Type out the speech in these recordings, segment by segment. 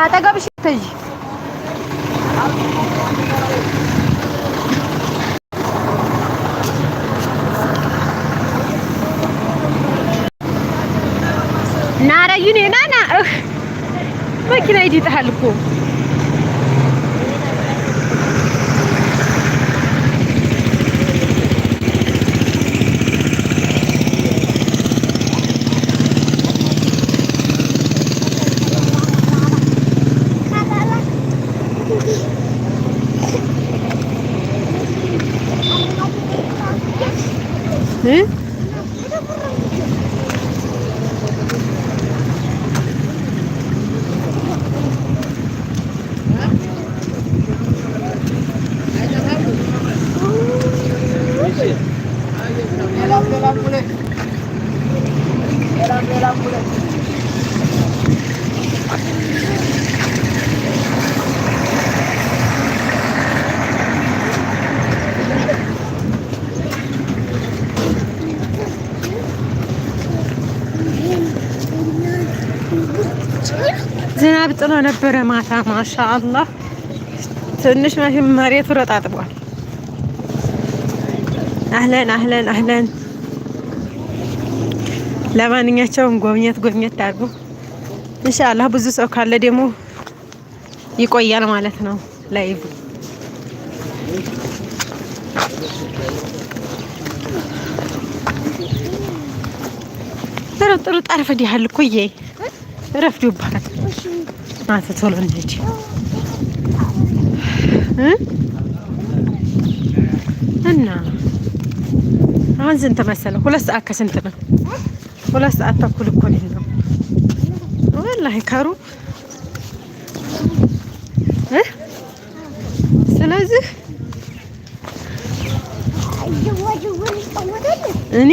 ካጠገብሽ ተይ ናረዩኔ ናና መኪና ይዲጥሃል 嗯。ዝናብ ጥሎ ነበረ ማታ። ማሻ አላህ ትንሽ መሽም መሬቱ ረጣጥቧል። አህለን አህለን አህለን። ለማንኛቸውም ጎብኘት ጎብኘት አድርጉ። ኢንሻአላህ ብዙ ሰው ካለ ደግሞ ይቆያል ማለት ነው ላይቭ ጥሩ ጥሩ ጠርፍ ዲህል ኩዬ ረፍዶባታል። ማታ ቶሎ እንሂድ እና አሁን ስንት መሰለህ? ሁለት ሰዓት ከስንት ነው? ሁለት ሰዓት ተኩል እኮ ነው። ወላሂ ከሩ ስለዚህ እኔ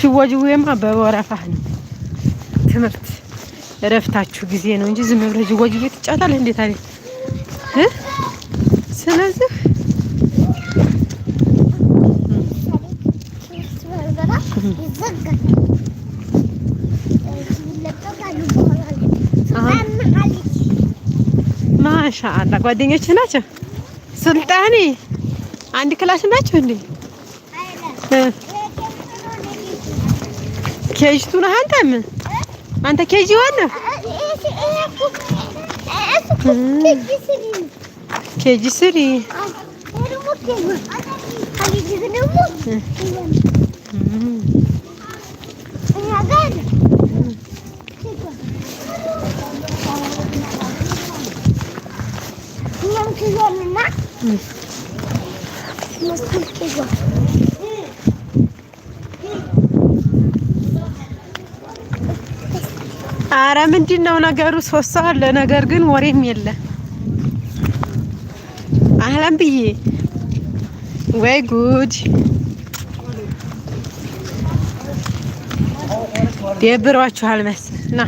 ሽዋጅዌማ በወረፋህ ነው ትምህርት እረፍታችሁ ጊዜ ነው እንጂ ዝም ብለህ ጅዋጅ ቤት እንዴት አለ። ስለዚህ ማሻአላ ጓደኞች ናቸው። ስልጣኔ አንድ ክላስ ናቸው እንዴ? ኬጅቱ ነህ አንተም አንተ ኬጂ ዋና ኬጂ ስሪ ኬጂ አረ ምንድን ነው ነገሩ? ሶስት ሰው አለ፣ ነገር ግን ወሬም የለ። አህለን ብዬ ወይ ጉድ ደብሯችኋል መሰል ና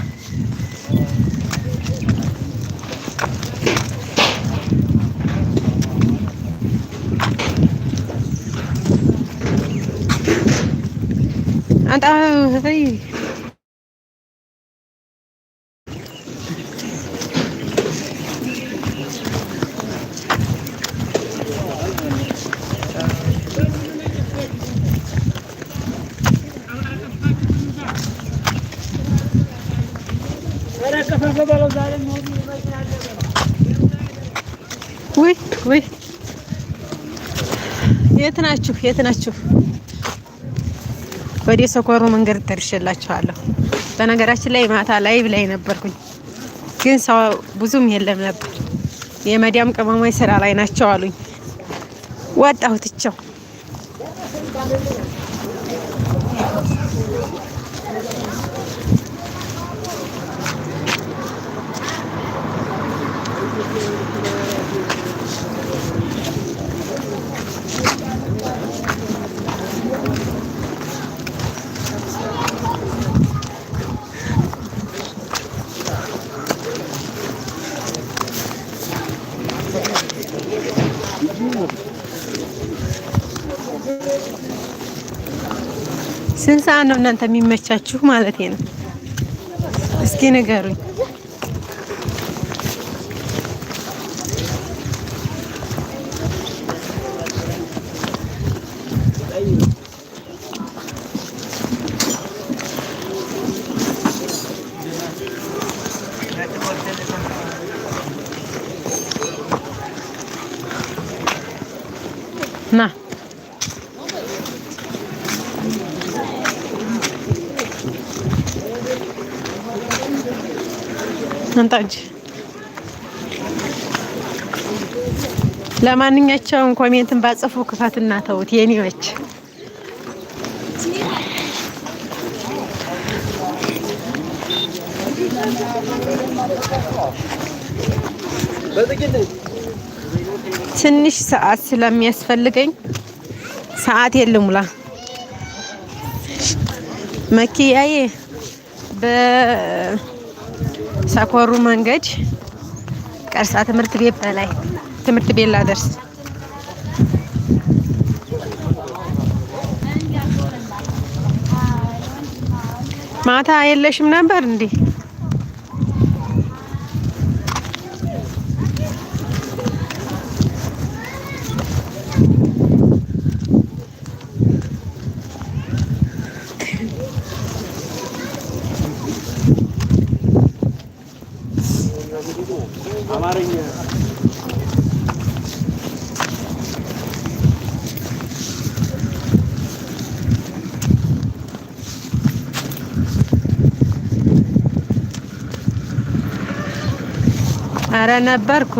አንተ የት ናችሁ? ወደ ሰኮሩ መንገድ ደርሼላችኋለሁ። በነገራችን ላይ ማታ ላይቭ ላይ ነበርኩኝ፣ ግን ሰው ብዙም የለም ነበር። የመዲያም ቅመማ ስራ ላይ ናቸው አሉኝ። ወጣሁ ስንት ሰዓት ነው እናንተ የሚመቻችሁ ማለት ነው? እስኪ ንገሩኝ። እንጣ እንጂ። ለማንኛቸውም ኮሜንትን ባጽፉ ክፋትና ተውት የኔዎች ትንሽ ሰዓት ስለሚያስፈልገኝ ሰዓት የለም። መኪያዬ በ ሰኮሩ መንገድ ቀርሳ ትምህርት ቤት በላይ ትምህርት ቤት ላደርስ ማታ የለሽም ነበር እንዴ? አረ ነበርኩ።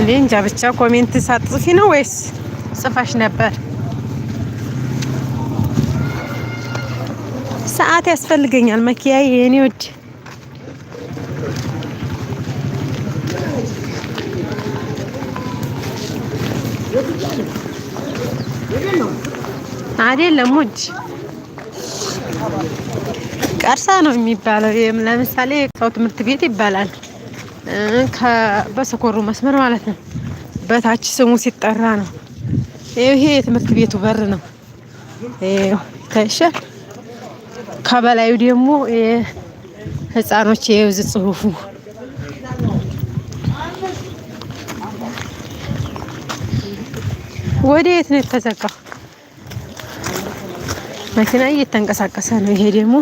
እኔ እንጃ ብቻ ኮሜንት ሳትጽፊ ነው ወይስ ጽፋሽ ነበር? ሰዓት ያስፈልገኛል። መኪያዬ የኔ ውድ አይደለም ውድ ቀርሳ ነው የሚባለው። ይህም ለምሳሌ ሰው ትምህርት ቤት ይባላል። በሰኮሩ መስመር ማለት ነው። በታች ስሙ ሲጠራ ነው። ይሄ የትምህርት ቤቱ በር ነው ይታይሻል። ከበላዩ ደግሞ ህፃኖች የውዝ ጽሁፉ ወደ የት ነው የተዘጋው? መኪና እየተንቀሳቀሰ ነው። ይሄ ደግሞ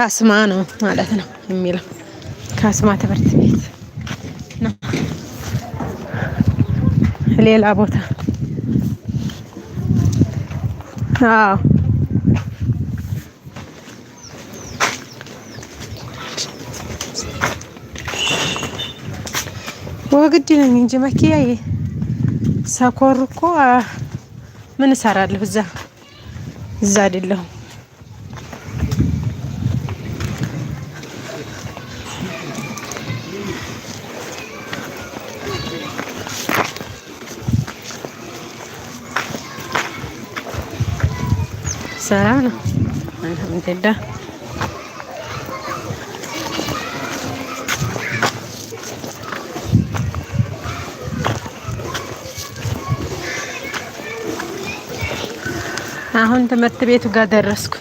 ካስማ ነው ማለት ነው የሚለው ካስማ ትምህርት ቤት ነው። ሌላ ቦታ አዎ ወግድ ነኝ እንጂ መኪያዬ ሰኮር እኮ ምን እሰራለሁ እዛ እዛ አይደለሁም። ሰላም ነው። አልሐምዱሊላህ አሁን ትምህርት ቤቱ ጋር ደረስኩ።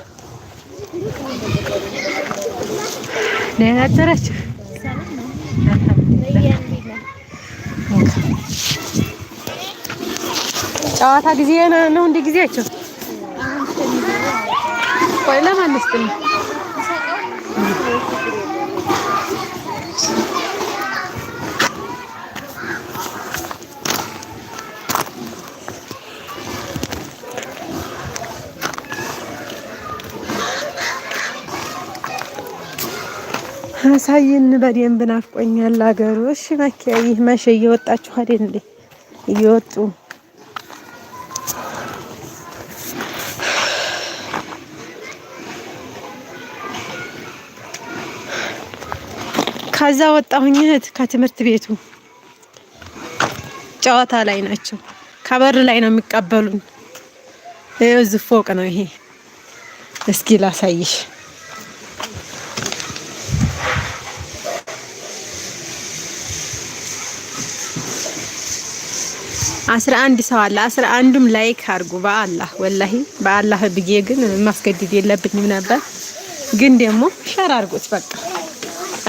ደህና አደራችሁ። ጨዋታ ጊዜ ነው እንደ ጊዜያቸው ቆይ ለማን ልስጥ ነው? አሳይን በደንብ ናፍቆኛል አገሩ። እሺ መኪያ ይህ መቼ እየወጣችሁ አይደል? እየወጡ ከዛ ወጣሁኝ እህት ከትምህርት ቤቱ ጨዋታ ላይ ናቸው። ከበር ላይ ነው የሚቀበሉን። እዚ ፎቅ ነው ይሄ። እስኪ ላሳይሽ። አስራ አንድ ሰው አለ። አስራ አንዱም ላይክ አድርጉ። በአላህ ወላሂ በአላህ ብዬ ግን ማስገድድ የለብኝም ነበር፣ ግን ደግሞ ሸር አድርጉት በቃ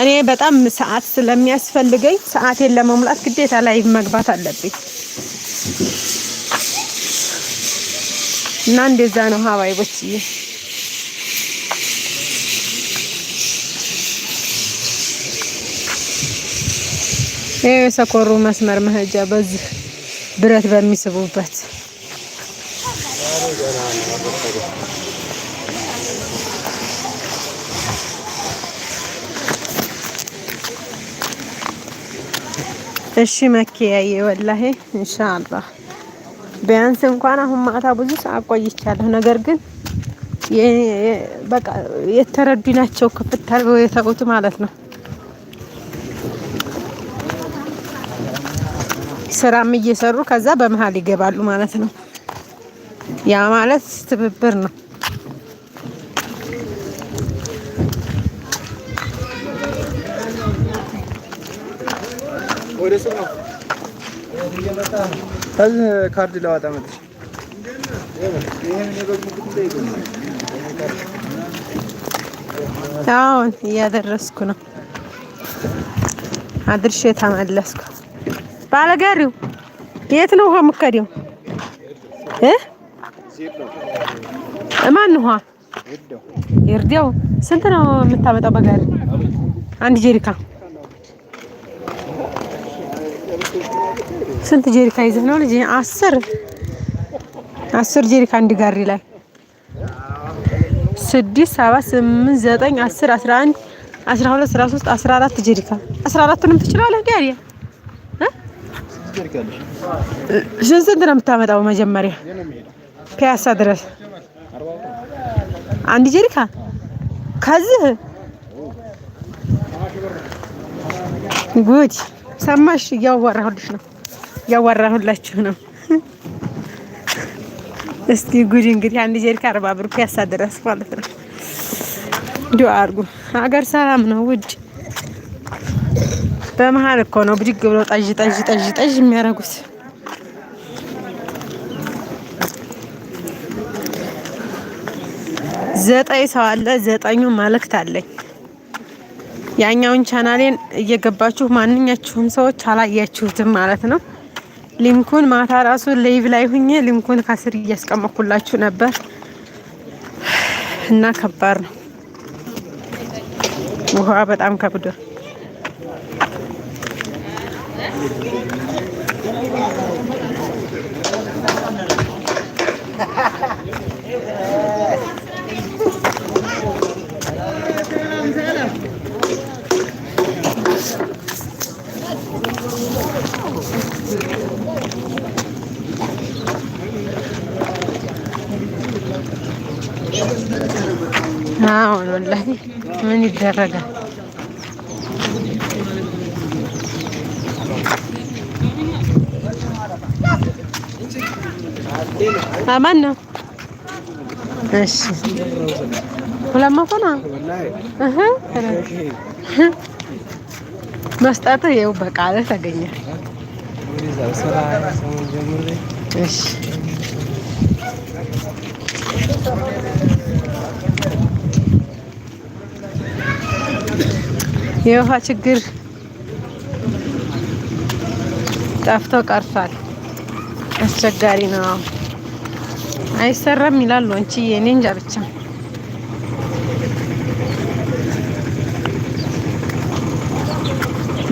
እኔ በጣም ሰዓት ስለሚያስፈልገኝ ሰዓቴን ለመሙላት ግዴታ ላይ መግባት አለብኝ እና እንደዛ ነው ሀባይቦች። ይሄ የሰኮሩ መስመር መሄጃ በዚህ ብረት በሚስቡበት እሺ መኪያዬ ወላሄ ኢንሻአላህ ቢያንስ እንኳን አሁን ማታ ብዙ ሰዓት ቆይቻለሁ። ነገር ግን በቃ የተረዱ ናቸው ክፍት አድርገው የተውት ማለት ነው። ስራም እየሰሩ ከዛ በመሀል ይገባሉ ማለት ነው። ያ ማለት ትብብር ነው። እዚህ ካርድ ላዋጣ መጥቼ አሁን እያደረስኩ ነው። አድርሼ ተመለስኩ። ባለጋሪው የት ነው? ውሃ ሙከዲው እ ማን ውሃ ይርዳው። ስንት ነው የምታመጣው በጋሪ? አንድ ጀሪካ ስንት ጀሪካ ይዘህ ነው ልጅ? አስር አስር ጀሪካ አንድ ጋሪ ላይ ስድስት ሰባት ስምንት ዘጠኝ አስር አስራ አንድ አስራ ሁለት አስራ ሶስት አስራ አራት ጀሪካ አስራ አራቱንም ትችላለህ። ዲያሪያ ስንት ነው የምታመጣው? መጀመሪያ ፒያሳ ድረስ አንድ ጀሪካ ከዚህ ጉድ ሰማሽ? እያዋራሁልሽ ነው። ያዋራሁላችሁ ነው። እስቲ ጉድ እንግዲህ አንድ ጀሪካ አርባ ብር ፒያሳ ድረስ ማለት ነው። ዱአ አድርጉ። ሀገር ሰላም ነው ውድ። በመሀል እኮ ነው ብድግ ብለው ጠዥ ጠዥ ጠዥ ጠዥ የሚያደርጉት። ዘጠኝ ሰው አለ። ዘጠኙ መልእክት አለኝ። ያኛውን ቻናሌን እየገባችሁ ማንኛችሁም ሰዎች አላያችሁትም ማለት ነው። ሊንኩን ማታ ራሱ ላይቭ ላይ ሁኜ ሊንኩን ከስር እያስቀመኩላችሁ ነበር እና ከባድ ነው። ውሃ በጣም ከብዶ አሁን ወላሂ ምን ይደረጋል? አማን ነው? እሺ ሁለት መቶ ነው መስጠት። ይኸው በቃ ተገኘ። እሺ የውሃ ችግር ጠፍቶ ቀርቷል። አስቸጋሪ ነው። አይሰራም ይላሉ። አንቺ የኔ እንጃ ብቻ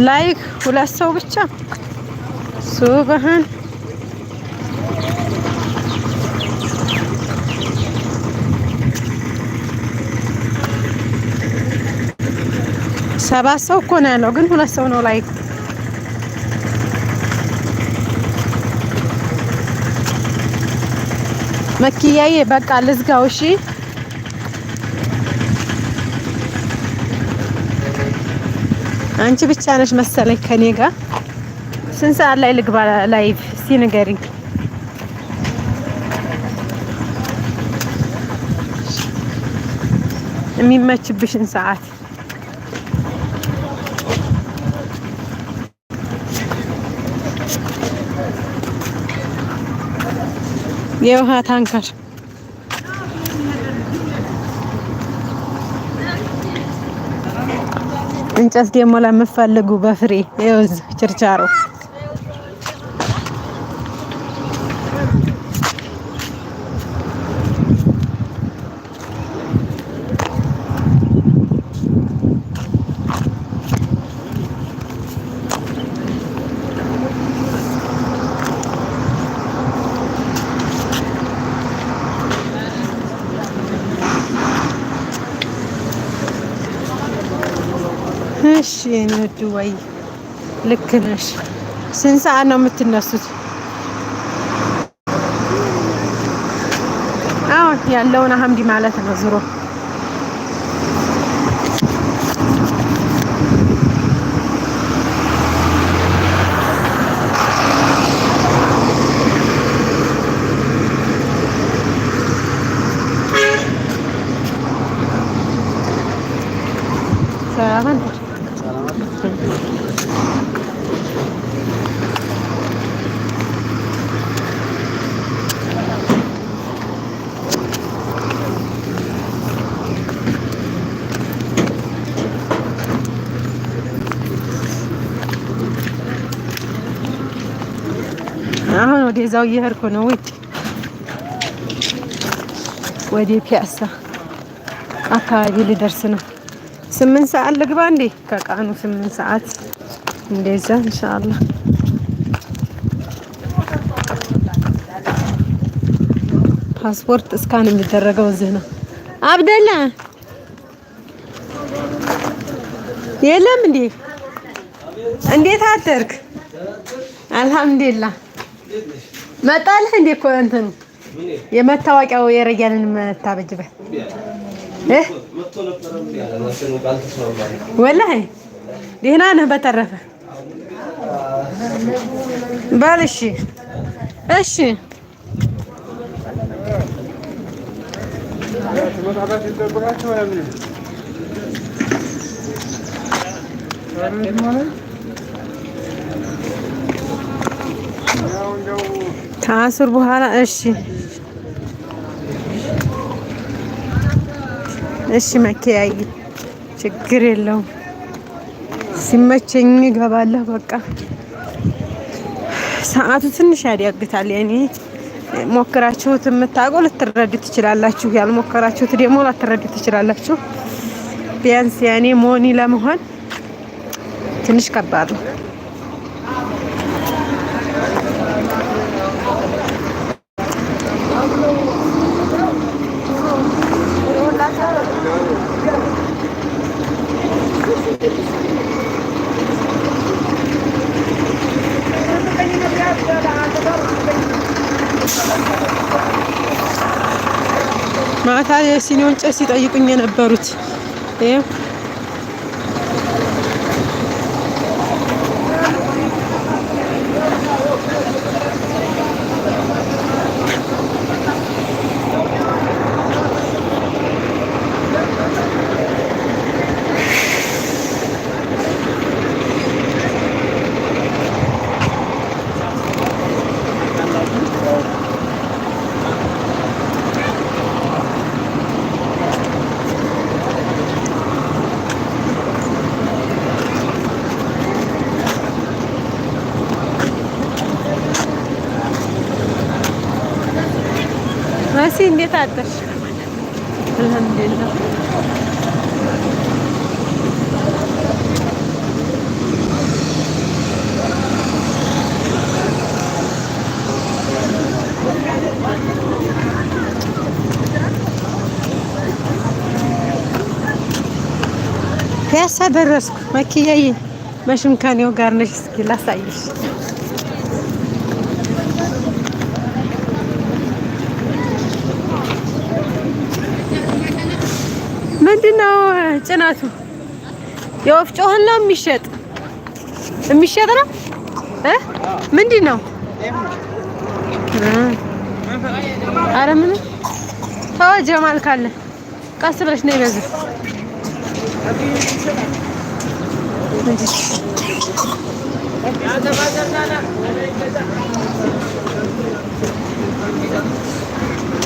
ላይክ ሁለት ሰው ብቻ ሱብሃን ሰባት ሰው እኮ ነው ያለው፣ ግን ሁለት ሰው ነው ላይክ መኪያዬ በቃ ልዝጋው። እሺ አንቺ ብቻ ነሽ መሰለኝ ከኔ ጋር። ስንት ሰዓት ላይ ልግባ ላይቭ? እስቲ ንገሪኝ። የሚመችብሽን ሰዓት የውሃ ታንከር እንጨት ደግሞ ለምፈልጉ በፍሬ ይኸው ችርቻሮ የኔ ውድ ወይ ልክ ነሽ። ስንት ሰዓት ነው የምትነሱት? አሁን ያለውን አሀምዲ ማለት ነው ዝሮ አሁን ወደዛው እየሄድኩ ነው። ወደ ፒያሳ አካባቢ ልደርስ ነው። ስምንት ሰዓት ልግባ እንዴ? ከቃኑ ስምንት ሰዓት እንደዛ ኢንሻአላህ ፓስፖርት እስካን የሚደረገው እዚህ ነው። አብደላ የለም እንዴ? እንዴት አደርክ? አልሐምዱሊላህ መጣልህ እንዴ እኮ እንትኑ የመታወቂያው የረያንን መታበጅበት እህ ወላሂ ደህና ነህ። በተረፈ በል እሺ፣ እሺ ከአሱር በኋላ እሺ፣ እሺ መኪያይ ችግር የለውም። ሲመቸኝ እገባለሁ። በቃ ሰዓቱ ትንሽ ያዳግታል። የኔ ሞክራችሁት የምታውቁ ልትረዱ ትችላላችሁ። ያልሞከራችሁት ደግሞ ላትረዱ ትችላላችሁ። ቢያንስ ያኔ ሞኒ ለመሆን ትንሽ ከባድ ነው። ማታ የሲኒውን ጭስ ሲጠይቁኝ የነበሩት ሲ እንዴት አደርሽ? አልሐምዱሊላህ ፒያሳ ደረስኩ። መኪያዬ መሽምከኔው ጋር ነሽ። እስኪ ላሳይሽ ምንድን ነው ጽናቱ? የወፍጮ እህል ነው የሚሸጥ የሚሸጥ ነው እ ምንድን ነው? ኧረ ምን ተወ። ጀማል ካለ ቀስ ብለሽ ነው ይበዝ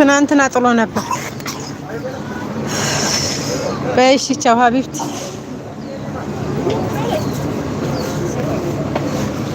ትናንትና ጥሎ ነበር። Beş çava biftis.